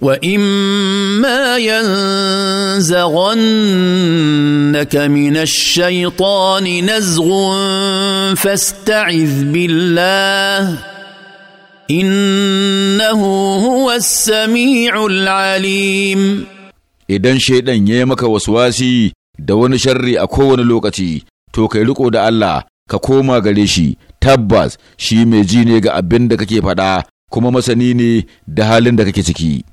واما ينزغنك من الشيطان نزغ فاستعذ بالله انه هو السميع العليم idan shaidan ya yi maka waswasi da wani sharri a kowane lokaci to kai riko da Allah ka koma gare shi tabbas shi mai ji ne ga abin da kake faɗa kuma masani ne da halin da kake ciki